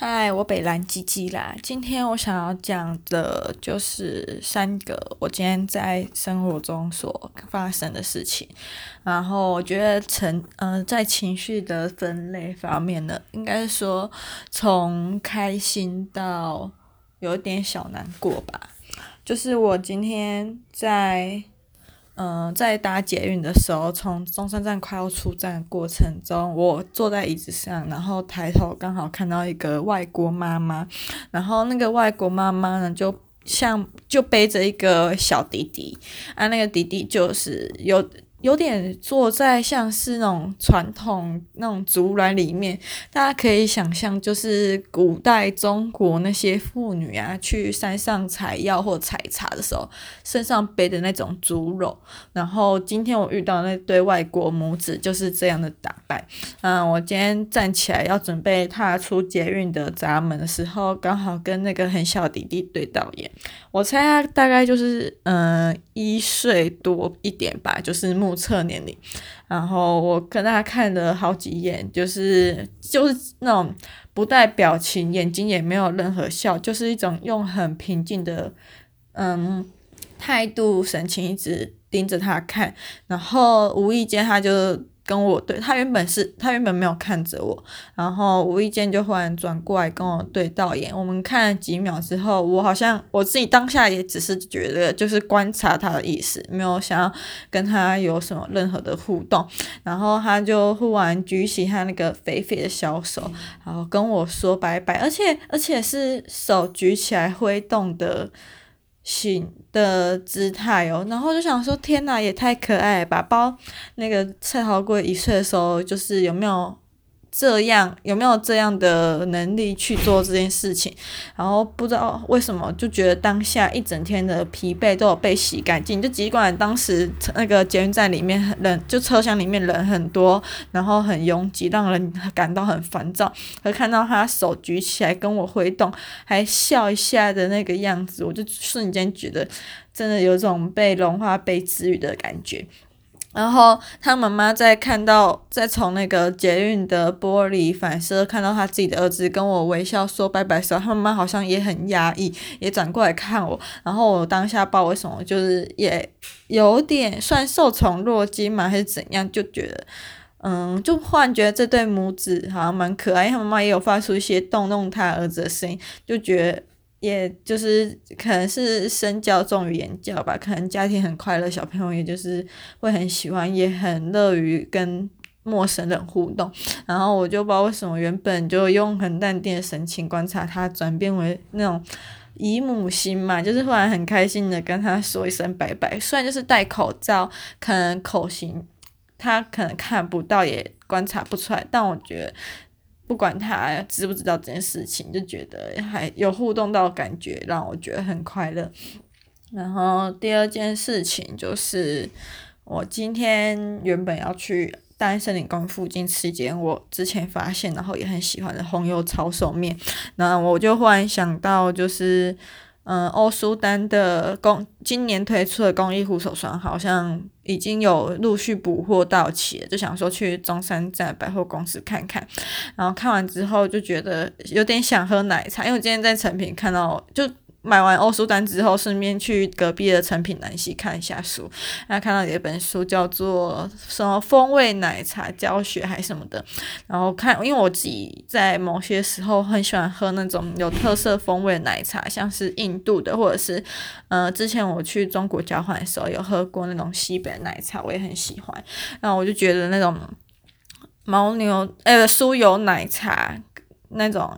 嗨，Hi, 我北藍嘰嘰啦。今天我想要講的就是三個我今天在生活中所發生的事情。然後我覺得成嗯、呃，在情緒的分類方面呢，應該說從開心到有點小難過吧。就是我今天在。嗯、呃，在搭捷運的時候，從中山站快要出站的過程中，我坐在椅子上，然後抬頭剛好看到一個外國媽媽，然後那個外國媽媽呢，就像就背着一個小弟弟，啊，那個弟弟就是有有點坐在像是那種傳統那種竹籃裡面，大家可以想象，就是古代中國那些婦女啊，去山上採藥或採茶的時候，身上背的那種竹簍。然後今天我遇到那對外國母子，就是這樣的打扮。嗯，我今天站起來要準備踏出捷運的閘門的時候，剛好跟那個很小弟弟對到眼。我猜他大概就是嗯、呃、一歲多一點吧，就是目測年齡，然後我跟他看了好幾眼，就是就是那種不帶表情，眼睛也沒有任何笑，就是一種用很平靜的嗯態度神情一直盯着他看，然後無意間他就。跟我對他原本是他原本沒有看着我，然後無意間就忽然轉過來跟我對到眼，我們看了幾秒之後，我好像我自己當下也只是覺得就是觀察他的意思，沒有想要跟他有什麼任何的互動，然後他就忽然舉起他那個肥肥的小手，然後跟我說拜拜，而且而且是手舉起來揮動的。行的姿態哦，然後就想說，天哪，也太可愛了吧。包那個蔡豪貴一歲的時候，就是有沒有？這樣有沒有這樣的能力去做這件事情？然後不知道為什麼就覺得當下一整天的疲憊都有被洗乾淨。就儘管當時那個捷運站裡面人，就車廂裡面人很多，然後很擁擠，讓人感到很煩躁。可看到他手舉起來跟我揮動，還笑一下的那個樣子，我就瞬間覺得真的有種被融化、被治癒的感覺。然後他媽媽在看到，在從那個捷運的玻璃反射看到他自己的兒子跟我微笑說拜拜的時候，他媽媽好像也很壓抑，也轉過來看我。然後我當下不知道為什麼，就是也有點算受寵若驚嘛，還是怎樣，就覺得，嗯，就忽然覺得這對母子好像蠻可愛。他媽媽也有發出一些動動他兒子的聲音，就覺也就是可能是身教重於言教吧，可能家庭很快樂，小朋友也就是會很喜歡，也很樂於跟陌生人互動。然後我就不知道為什麼，原本就用很淡定的神情觀察他，轉變為那種姨母心嘛，就是忽然很開心的跟他說一聲拜拜。雖然就是戴口罩，可能口型他可能看不到，也觀察不出來，但我覺得。不管他知不知道這件事情，就覺得還有互動到的感覺，讓我覺得很快樂。然後第二件事情就是，我今天原本要去大安森林公園附近吃一間我之前發現然後也很喜歡的紅油抄手麵，那我就忽然想到就是。嗯，歐舒丹的公今年推出的公益護手霜好像已經有陸續補貨到齊了，就想說去中山站百貨公司看看，然後看完之後就覺得有點想喝奶茶，因為我今天在成品看到就。買完歐舒丹之後，順便去隔壁的誠品南西看一下書，然後看到有一本書叫做什麼風味奶茶教學還什麼的，然後看，因為我自己在某些時候很喜歡喝那種有特色風味的奶茶，像是印度的，或者是，呃，之前我去中國交換的時候有喝過那種西北奶茶，我也很喜歡。然後我就覺得那種牦牛，呃、欸，酥油奶茶。那種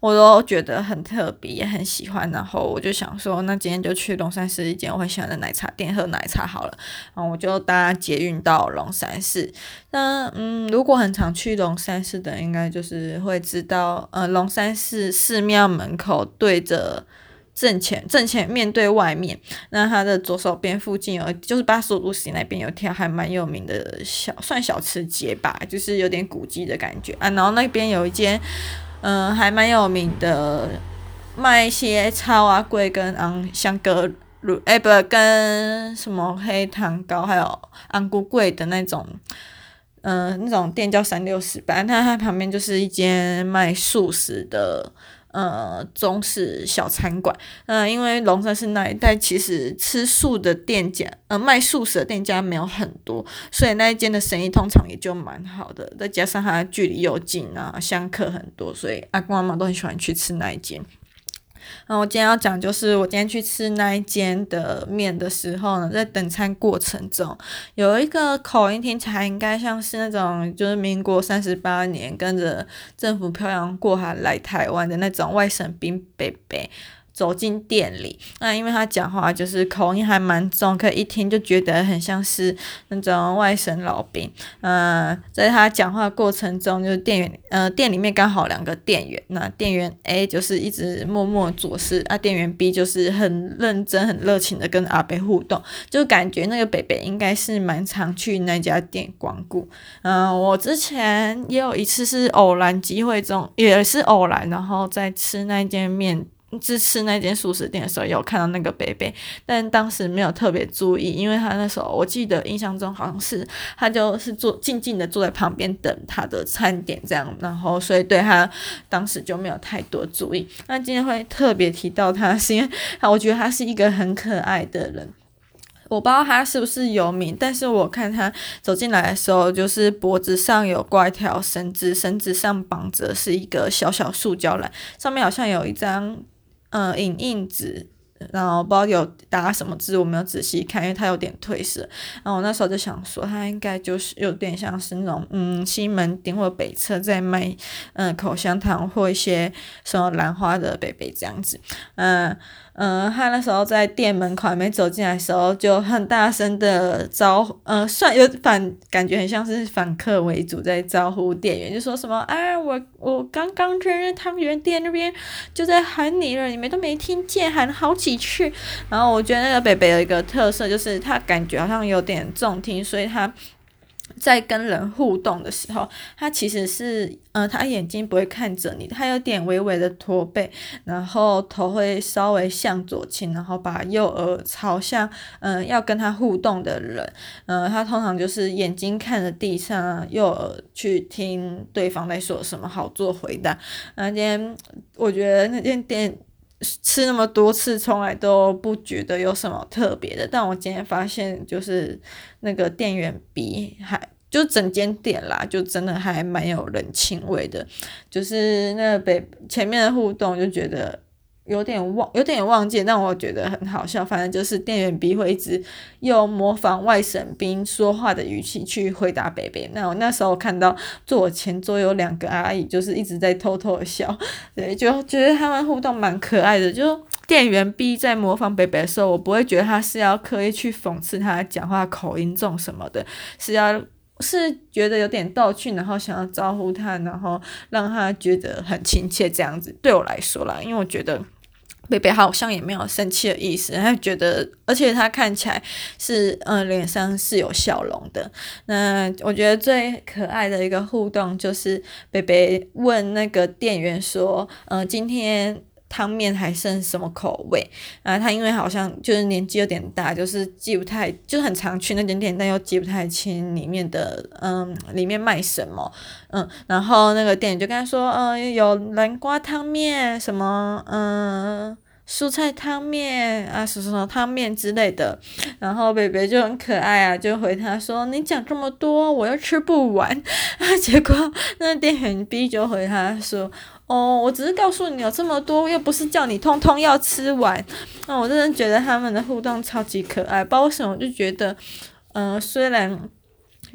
我都覺得很特別，也很喜歡。然後我就想說，那今天就去龍山寺一間我很喜歡的奶茶店喝奶茶好了。然後我就搭捷運到龍山寺。那嗯，如果很常去龍山寺的，應該就是會知道，呃，龍山寺寺廟門口對着正前正前面對外面，那它的左手邊附近有，就是八十五度 C 那邊有條還蠻有名的小算小吃街吧，就是有點古跡的感覺啊。然後那邊有一間。嗯，還蠻有名的，賣一些草仔粿跟昂香格魯，哎、欸、不跟什麼黑糖糕，還有紅龜粿的那種，嗯，那種店叫三六十八吧，反正它旁邊就是一間賣素食的。呃，中式小餐館。呃，因為龍山寺那一帶，其實吃素的店家，呃，賣素食的店家沒有很多，所以那一間的生意通常也就蠻好的。再加上它距離又近啊，香客很多，所以阿公阿嬤都很喜歡去吃那一間。然後、嗯、我今天要講就是我今天去吃那一間的麵的時候呢，在等餐過程中，有一個口音聽起來應該像是那種就是民國三十八年跟着政府漂洋過海來台灣的那種外省兵伯伯。走進店裡，那、啊、因為他講話就是口音還蠻重，可一聽就覺得很像是那種外省老兵。嗯、呃，在他講話過程中，就是店員，呃，店裡面剛好兩個店員，那店員 A 就是一直默默做事，啊，店員 B 就是很認真、很熱情的跟阿北互動，就感覺那個北北應該是蠻常去那家店光顧。嗯、呃，我之前也有一次是偶然機會中，也是偶然，然後在吃那間麵。支持那間素食店的時候，有看到那個北北，但當時沒有特別注意，因為他那時候，我記得印象中好像是他就是坐靜靜的坐在旁邊等他的餐點這樣，然後所以對他當時就沒有太多注意。那今天會特別提到他，是因為我覺得他是一個很可愛的人。我不知道他是不是遊民，但是我看他走進來的時候，就是脖子上有掛一條繩子，繩子上綁着是一個小小塑膠籃，上面好像有一張。嗯、呃，影印紙，然後不知道有打什麼字，我沒有仔細看，因為它有點褪色。然後我那時候就想說，它應該就是有點像是那種，嗯，西門町或北車在賣，嗯、呃，口香糖或一些什麼蘭花的北北這樣子，嗯、呃。嗯、呃，他那時候在店門口還沒走進來的時候，就很大聲的招呼，嗯、呃，算有反，感覺很像是反客為主在招呼店員，就說什麼啊、哎，我我剛剛在那湯圓店那邊就在喊你了，你們都沒聽見，喊了好幾次。然後我覺得那個北北有一個特色，就是他感覺好像有點重聽，所以他。在跟人互動的時候，他其實是，嗯、呃，他眼睛不會看着你，他有點微微的駝背，然後頭會稍微向左傾，然後把右耳朝向，嗯、呃，要跟他互動的人，嗯、呃，他通常就是眼睛看着地上、啊，右耳去聽對方在說什麼，好做回答。那天我覺得那間店。吃那麼多次，從來都不覺得有什麼特別的。但我今天發現，就是那個店員比還就整間店啦，就真的還蠻有人情味的。就是那北前面的互動，就覺得。有點忘，有點忘記，但我覺得很好笑。反正就是店員 B 會一直用模仿外省兵說話的語氣去回答北北。那我那時候看到坐我前桌有兩個阿姨，就是一直在偷偷的笑，對，就覺得他們互動蠻可愛的。就說店員 B 在模仿北北的時候，我不會覺得他是要刻意去諷刺他講話口音重什麼的，是要是覺得有點逗趣，然後想要招呼他，然後讓他覺得很親切這樣子。對我來說啦，因為我覺得。北北好像也沒有生氣的意思，他覺得，而且他看起來是嗯臉、呃、上是有笑容的。那我覺得最可愛的一個互動就是北北問那個店員說：“嗯、呃，今天湯麵還剩什麼口味？”啊，他因為好像就是年紀有點大，就是記不太，就是很常去那間店，但又記不太清裡面的嗯裡面賣什麼嗯。然後那個店員就跟他說：“呃、嗯，有南瓜湯麵什麼嗯。”蔬菜湯麵啊，什麼什麼湯麵之類的，然後北北就很可愛啊，就回他說：“你講這麼多，我又吃不完。”啊，結果那店員 B 就回他說：“哦，我只是告訴你有這麼多，又不是叫你通通要吃完。啊”那我真的覺得他們的互動超級可愛，包括什麼，就覺得，嗯、呃，雖然。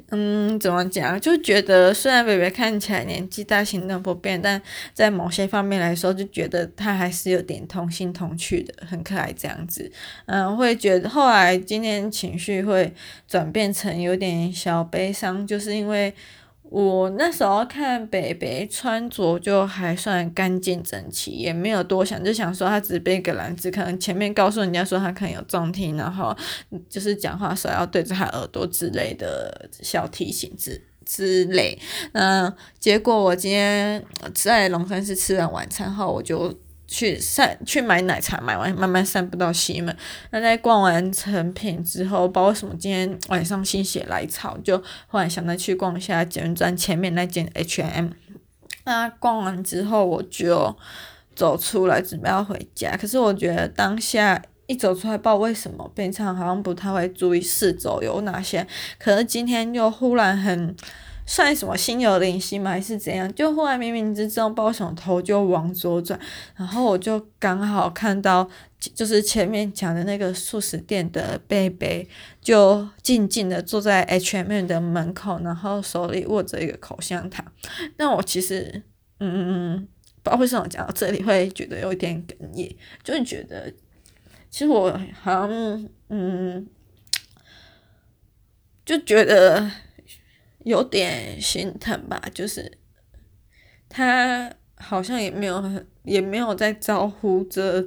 嗯，怎麼講？就覺得雖然北北看起來年紀大，行動不便，但在某些方面來說，就覺得他還是有點童心童趣的，很可愛這樣子。嗯，會覺得後來今天情緒會轉變成有點小悲傷，就是因為。我那時候看北北穿着就還算乾淨整齊，也沒有多想，就想說他只背一個籃子，可能前面告訴人家說他可能有重聽，然後就是講話時候要對着他耳朵之類的小提醒之之類。那結果我今天在龍山寺吃完晚餐後，我就。去散去買奶茶，買完慢慢散步到西門。那在逛完成品之後，不知道為什麼今天晚上心血來潮，就忽然想再去逛一下捷運站前面那間 H&M。那逛完之後，我就走出來準備要回家，可是我覺得當下一走出來，不知道為什麼平常好像不太會注意四周有哪些，可是今天又忽然很。算什麼心有靈犀嗎？還是怎樣？就後來冥冥之中，我想頭就往左轉，然後我就剛好看到，就是前面講的那個素食店的貝貝，就靜靜的坐在 H&M 的門口，然後手裡握着一個口香糖。那我其實，嗯，不知道為什麼講到這裡會覺得有一點哽咽，就是覺得，其實我好像，嗯，就覺得。有點心疼吧，就是他好像也沒有，也沒有在招呼着，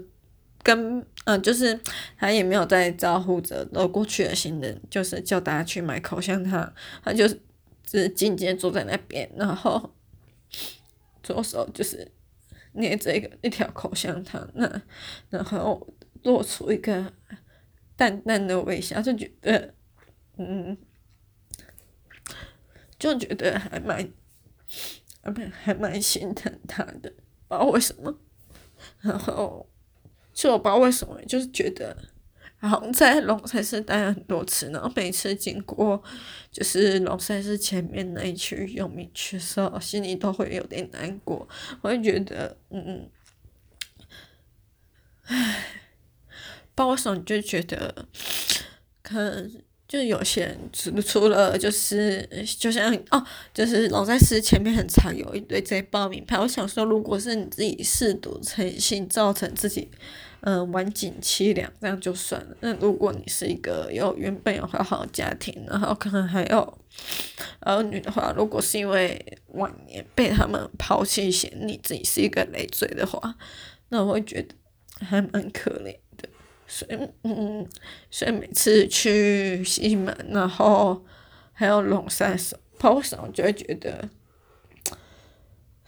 跟、呃、嗯，就是他也沒有在招呼着路過去的行人，就是叫大家去買口香糖，他就只是只靜靜坐在那邊，然後左手就是捏着一個一條口香糖，那然後露出一個淡淡的微笑，就覺得，嗯。就覺得還蠻，不還蠻心疼他的，不知道為什麼，然後，是我不知道為什麼，就是覺得，然後在龍山寺待了很多次，然後每次經過，就是龍山寺前面那一區、永明區的時候，心裡都會有點難過，我就覺得，嗯嗯，唉，不知道為什麼就覺得，可能。就有些人除除了就是就像哦，就是老在寺前面很常，有一堆在報名牌。我想說，如果是你自己嗜賭成性，造成自己嗯、呃、晚景淒涼，這樣就算了。那如果你是一個有原本有很好，好的家庭，然後可能還有兒女的話，如果是因為晚年被他們拋棄嫌，嫌你自己是一個累贅的話，那我會覺得還蠻可憐。所以，嗯，所以每次去西門，然後還有龍山寺的時候，我就會覺得，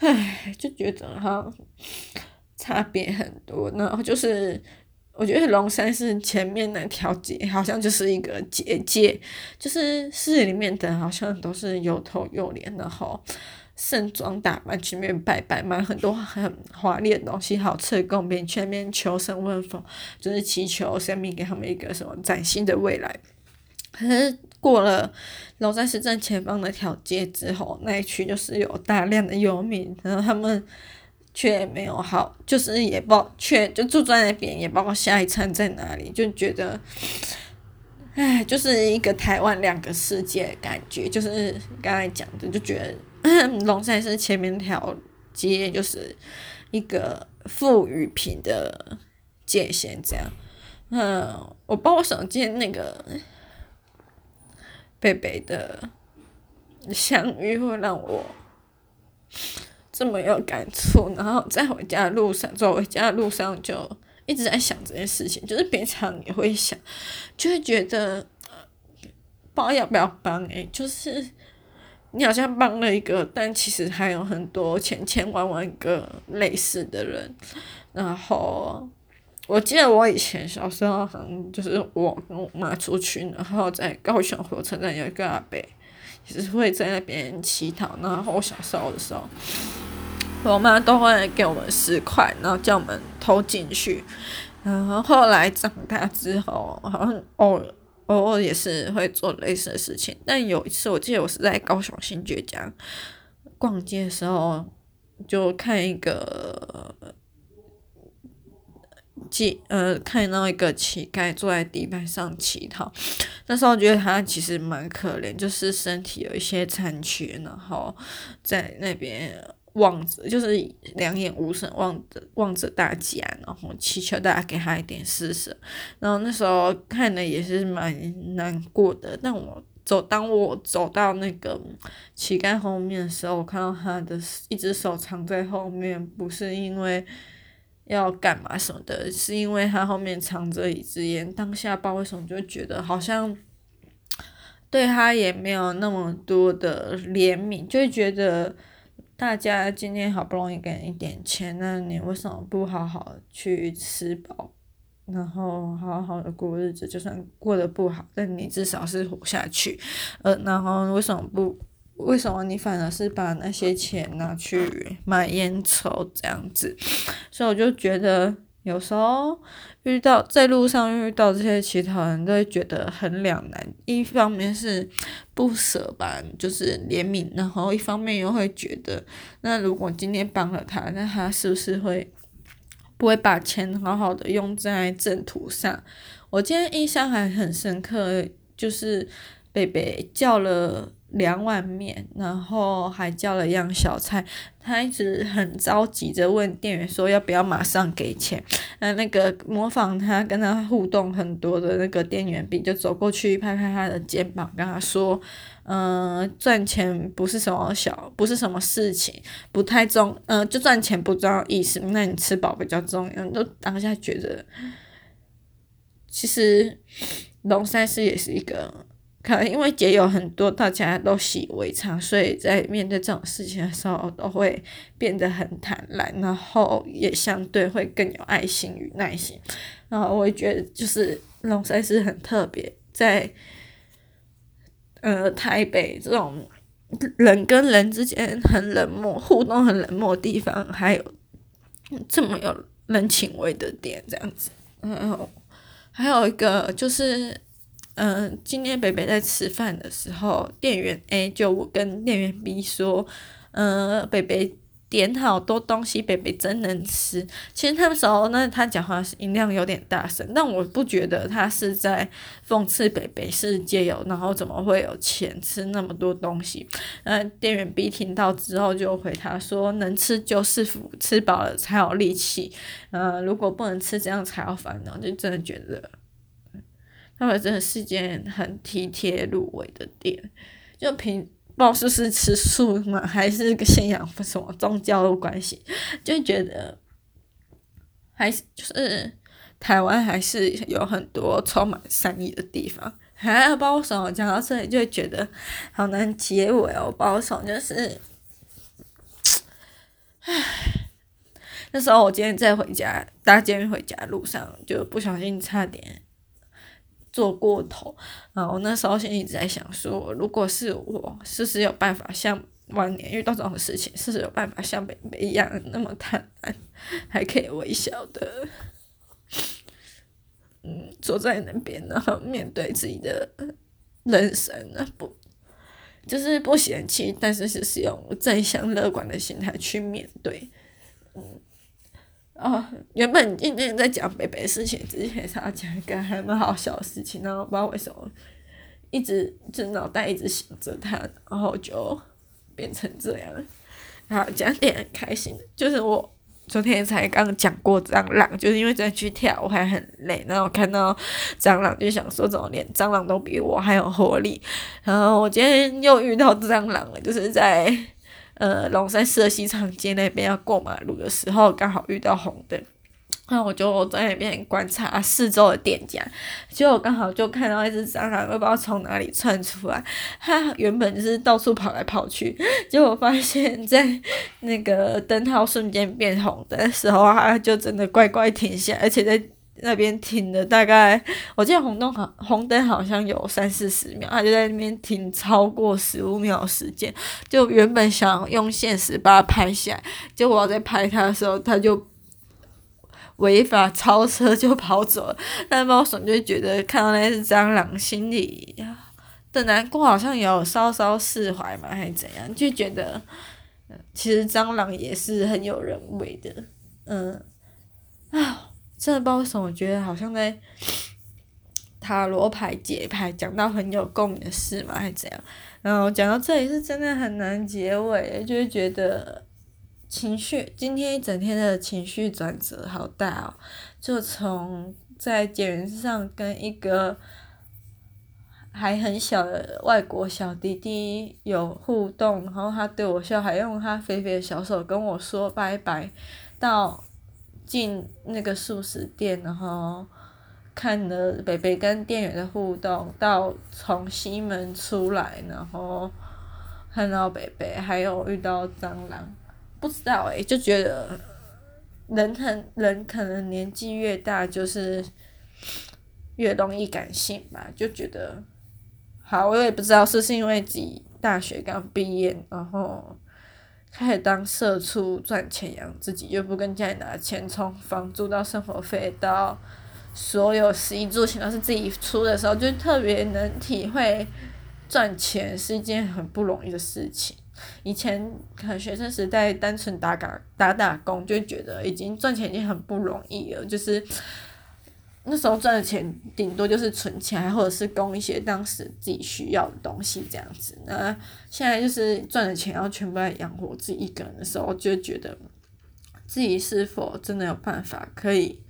唉，就覺得哈，差別很多。然後就是，我覺得龍山寺前面那條街，好像就是一個結界，就是寺裡面的好像都是有頭有臉的吼。盛裝打扮，去那邊拜拜，很多很華麗的東西，好吃的貢品，去那邊求神問佛，就是祈求神明給他們一個什麼嶄新的未來。可是過了龍山寺正前方那條街之後，那一區就是有大量的游民，然後他們卻沒有好，就是也不，卻就住在那邊，也不知道下一餐在哪裡，就覺得，唉，就是一個台灣兩個世界的感覺，就是剛才講的，就覺得。龍山寺前面條街，就是一個富裕品的界限。這樣，嗯，我不知道，想見那個北北的相遇，會讓我這麼有感觸。然後在回家的路上，坐回家的路上就一直在想這件事情，就是平常也會想，就會覺得，包要不要幫誒，就是。你好像幫了一個，但其實還有很多千千萬萬個類似的人。然後，我記得我以前小時候，好像就是我跟我媽出去，然後在高雄火車站有一個阿伯，就是會在那邊乞討。然後我小時候的時候，我媽都會給我們十塊，然後叫我們投進去。然後後來長大之後，好像偶爾。偶爾也是會做類似的事情，但有一次我記得我是在高雄新崛江逛街的時候，就看一個乞，呃，看到一個乞丐坐在地板上乞討，那時候我覺得他其實蠻可憐，就是身體有一些殘缺，然後在那邊。望着，就是兩眼無神，望着望着大家，然後祈求大家給他一點施捨。然後那時候看的也是蠻難過的。但我走，當我走到那個乞丐後面的時候，我看到他的一隻手藏在後面，不是因為要幹嘛什麼的，是因為他後面藏着一支煙。當下，不知道為什麼就覺得好像對他也沒有那麼多的憐憫，就會覺得。大家今天好不容易給你一點錢，那你為什麼不好好去吃飽，然後好好的過日子？就算過得不好，但你至少是活下去。呃，然後為什麼不？為什麼你反而是把那些錢拿去買煙抽這樣子？所以我就覺得有時候。遇到在路上遇到這些乞討人都會覺得很兩難，一方面是不舍吧，就是憐憫，然後一方面又會覺得，那如果今天幫了他，那他是不是會不會把錢好好的用在正途上？我今天印象還很深刻，就是。北北叫了兩碗麵，然後還叫了一樣小菜。他一直很着急的問店員說要不要馬上給錢。那那個模仿他跟他互動很多的那個店員比，比就走過去拍拍他的肩膀，跟他說：“嗯、呃，賺錢不是什麼小，不是什麼事情，不太重。嗯、呃，就賺錢不重要意思，那你吃飽比較重要。你都當下覺得，其實龍山寺也是一個。”可能因為節有很多，大家都習以為常，所以在面對這種事情的時候，都會變得很坦然，然後也相對會更有愛心與耐心。然後我也覺得，就是龍山寺很特別，在，呃，台北這種人跟人之間很冷漠、互動很冷漠的地方，還有這麼有人情味的店，這樣子。嗯，還有一個就是。嗯、呃，今天北北在吃飯的時候，店員 A 就我跟店員 B 說，嗯、呃，北北點好多東西，北北真能吃。其實他們那時候呢，他講話是音量有點大聲，但我不覺得他是在諷刺北北是街友，然後怎麼會有錢吃那麼多東西。嗯、呃，店員 B 聽到之後就回他說，能吃就是福，吃飽了才有力氣。嗯、呃，如果不能吃，這樣才有煩惱，就真的覺得。他們真的是間很體貼入微的店。就憑，不知道是不是吃素嘛，還是跟信仰什麼宗教的關係，就覺得，還是就是台灣還是有很多充滿善意的地方。還、啊、我鮑叔講到這裡就覺得好難結尾哦，我叔就是，唉，那時候我今天在回家搭捷運回家的路上，就不小心差點。做過頭，然後那時候心一直在想說，如果是我，是不是有辦法像往年，遇到這種事情，是不是有辦法像北北一樣那麼坦然，還可以微笑的，嗯，坐在那邊，然後面對自己的人生啊，不，就是不嫌棄，但是是用正向樂觀的心態去面對，嗯。哦，原本今天在講北北的事情之前，他講一個還蠻好笑的事情，然後不知道為什麼一直就腦袋一直想着他，然後就變成這樣。然後講點很開心的，就是我昨天才剛講過蟑螂，就是因為在去跳我還很累，然後我看到蟑螂就想說怎麼連蟑螂都比我還有活力。然後我今天又遇到蟑螂了，就是在。呃，龍山社西長街那邊要過馬路的時候，剛好遇到紅燈，那我就在那邊觀察四周的店家，結果剛好就看到一隻蟑螂，不知道從哪裡竄出來，它原本就是到處跑來跑去，結果我發現在那個燈號瞬間變紅的時候，它就真的乖乖停下，而且在。那邊停了大概，我記得紅燈好紅燈好像有三四十秒，他就在那邊停超過十五秒時間。就原本想用現實把它拍下來，結果我在拍他的時候，他就違法超車就跑走了。那貓損就覺得看到那是蟑螂，心裡的難過好像有稍稍釋懷嘛，還是怎樣？就覺得，其實蟑螂也是很有人味的，嗯，啊。真的，這包什？我覺得好像在塔羅牌解牌，講到很有共鳴的事嘛，還是怎樣？然後講到這裡是真的很難結尾，就是覺得情緒，今天一整天的情緒轉折好大哦。就從在捷運上跟一個還很小的外國小弟弟有互動，然後他對我笑，還用他肥肥的小手跟我說拜拜，到。進那個素食店，然後看了北北跟店員的互動，到從西門出來，然後看到北北，還有遇到蟑螂，不知道誒、欸，就覺得人很人可能年紀越大，就是越容易感性吧，就覺得好，我也不知道是不是因為自己大學剛畢業，然後。開始當社畜賺錢養自己，又不跟家裡拿錢，從房租到生活費到所有衣食住行都是自己出的時候，就特別能體會賺錢是一件很不容易的事情。以前可能學生時代單純打打打打工，就覺得已經賺錢已經很不容易了，就是。那時候賺的錢頂多就是存錢，或者是供一些當時自己需要的東西這樣子。那現在就是賺的錢要全部來養活自己一個人的時候，就覺得自己是否真的有辦法可以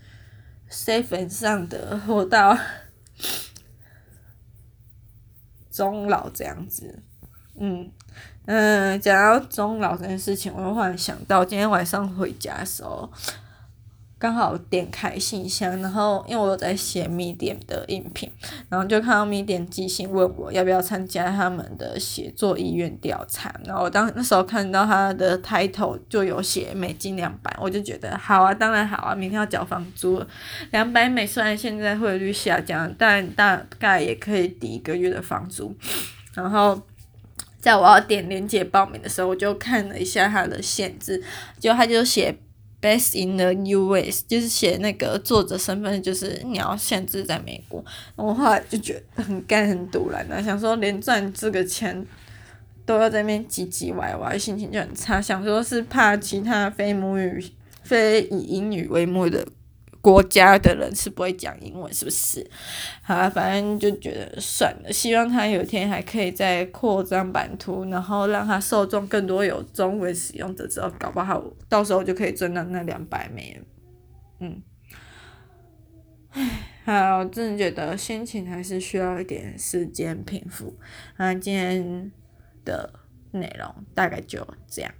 safe and sound 的活到終老這樣子。嗯嗯，講到終老這件事情，我又忽然想到今天晚上回家的時候。剛好點開信箱，然後因為我在寫 Medium 的應聘，然後就看到 Medium 寄信問我要不要參加他們的寫作意願調查。然後我當那時候看到他的 title 就有寫美金兩百，我就覺得好啊，當然好啊，明天要交房租了。兩百美雖然現在匯率下降，但大概也可以抵一個月的房租。然後在我要點連接報名的時候，我就看了一下它的限制，就他就寫。Best in the U.S. 就是寫那個作者身份，就是你要限制在美國。然後我後來就覺得很幹很突然的、啊，想說連賺這個錢都要在那邊唧唧歪歪，心情就很差。想說是怕其他非母語、非以英語為母的，國家的人是不會講英文，是不是？好了，反正就覺得算了。希望他有一天還可以再擴張版圖，然後讓他受眾更多有中文使用者之後，搞不好到時候就可以賺到那兩百美元。嗯，唉，好，真的覺得心情還是需要一點時間平復。那今天的內容大概就這樣。